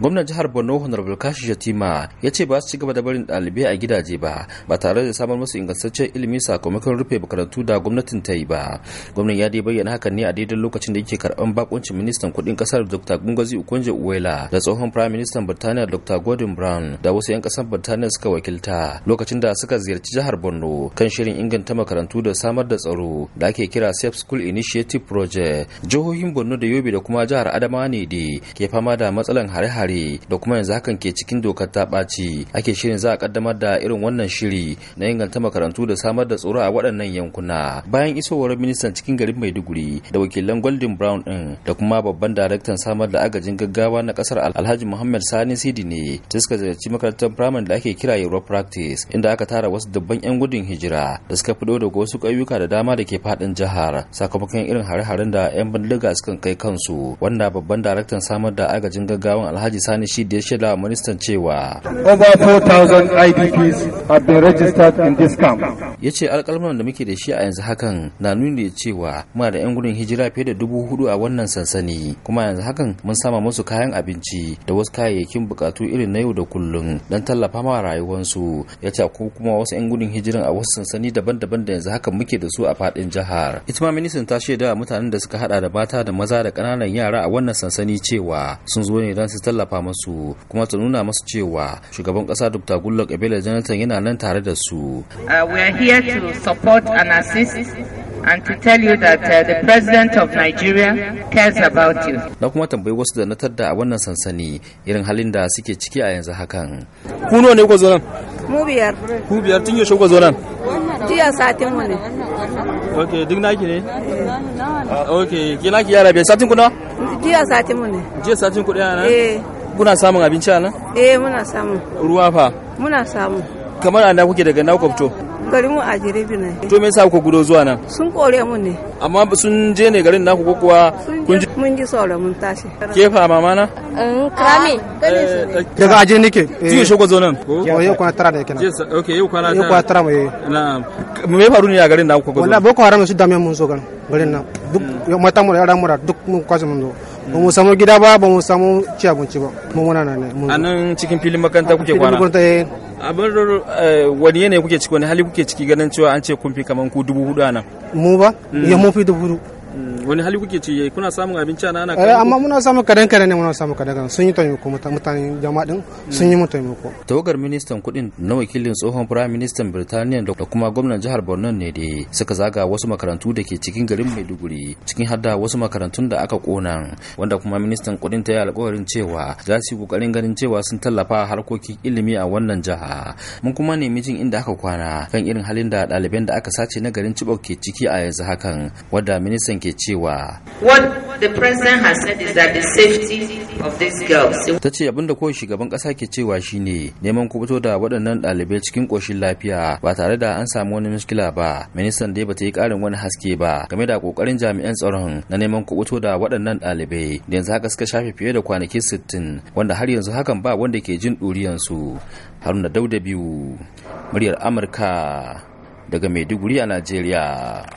gwamnan jihar borno honorable kashi shatima ya ce ba su ci gaba da barin ɗalibai a gidaje ba ba tare da samar musu ingantaccen ilimi sakamakon rufe makarantu da gwamnatin ta yi ba gwamnan ya dai bayyana hakan ne a daidai lokacin da yake karɓan bakuncin ministan kuɗin ƙasar dr gungazi ukunje uwela da tsohon prime minister birtaniya dr gordon brown da wasu 'yan ƙasar birtaniya suka wakilta lokacin da suka ziyarci jihar borno kan shirin inganta makarantu da samar da tsaro da ake kira safe school initiative project jihohin borno da yobe da kuma jihar adamawa ne da ke fama da matsalan hare-hare kare da kuma yanzu hakan ke cikin dokar ta ɓaci ake shirin za a kaddamar da irin wannan shiri na inganta makarantu da samar da tsoro a waɗannan yankuna bayan isowar ministan cikin garin maiduguri da wakilan golden brown ɗin da kuma babban daraktan samar da agajin gaggawa na kasar alhaji muhammad sani sidi ne ta suka ziyarci makarantar firamare da ake kira euro practice inda aka tara wasu dabban yan gudun hijira da suka fi fito daga wasu ƙauyuka da dama da ke faɗin jihar sakamakon irin hare-haren da yan bindiga sukan kai kansu wanda babban daraktan samar da agajin gaggawan alhaji Alhaji Sani shi da ya shaida wa ministan cewa over 4000 IDPs have been ya ce da muke da shi a yanzu hakan na nuni da cewa muna da 'yan gudun hijira fiye da dubu hudu a wannan sansani kuma yanzu hakan mun sama musu kayan abinci da wasu kayayyakin bukatu irin na yau da kullum don tallafa ma rayuwarsu ya ce ko kuma wasu 'yan gudun hijiran a wasu sansani daban-daban da yanzu hakan muke da su a faɗin jihar ita ma ministan ta shaida mutanen da suka hada da mata da maza da kananan yara a wannan sansani cewa sun zo ne don su tallafa tallafa masu kuma ta nuna masu cewa shugaban kasa Dr. Goodluck Ebele Jonathan yana nan tare da su. Uh, we are here to support and assist and to tell you that uh, the president of Nigeria cares about you. Na kuma tambayi wasu da na tadda a wannan sansani irin halin da suke ciki a yanzu hakan. Ku ne ku zo nan? Mu biyar. Ku biyar tun yaushe ku zo nan? Jiya satin mu ne. ok duk naki ne? ok ki naki yara biyar satin ku na. Jiya satin mu ne. Jiya satin ku ɗaya na? Eh. kuna samun abinci a nan eh muna samun ruwa fa muna samu kamar a kuke daga na kwabto garin mu a Jerebi ne to me yasa ku gudo zuwa nan sun kore mu ne amma sun je ne garin naku ko kuwa kun ji mun ji sauraron mun tashi ke fa mama na mm, ah, Eh kame daga aje nake eh. tiyo shi ku zo nan ko yau kwana tara da kenan yes okay yau kwana tara yau kwana tara mu eh. Na'am. me faru ne a garin naku ko wallahi boko haram su dame mun zo garin garin nan duk mm. mata mu da yaran mu duk mun kwazo mun zo ba mu samu gida ba ba mu samu ci abinci ba mu muna nan ne a nan cikin filin makaranta kuke kwana eh. abin eh, wani yanayi kuke ciki wani hali kuke ciki ganin cewa an ce kun fi kaman ku dubu hudu a nan mu ba ya mm. eh, mu fi dubu hudu wani hali kuke ci kuna samun abinci ana ana kai eh, amma muna samun kadan kadan ne muna samun kadan kadan sun yi taimako mutane jama'a din sun yi mu taimako tawagar ministan kudin na wakilin tsohon prime minister Birtaniya da kuma gwamnan jihar Borno ne da suka zaga wasu makarantu da ke cikin garin Maiduguri cikin hadda wasu makarantun da aka kona wanda kuma ministan kudin ta yi alkawarin cewa za su yi kokarin ganin cewa sun tallafa harkokin ilimi a wannan jiha mun kuma nemi jin inda aka kwana kan irin halin da ɗaliban da aka sace na garin Chibok ke ciki a yanzu hakan wanda ministan ke cewa What the president has said is of these girls. Ta ce abinda kawai shugaban kasa ke cewa shine neman kubuto da waɗannan ɗalibai cikin koshin lafiya ba tare da an samu wani muskila ba. Ministan dai ba ta yi ƙarin wani haske ba game da ƙoƙarin jami'an tsaron na neman kubuto da waɗannan ɗalibai da yanzu haka suka shafe fiye da kwanaki sittin wanda har yanzu hakan ba wanda ke jin ɗuriyansu. Haruna Dauda biyu muryar Amurka daga Maiduguri a Najeriya.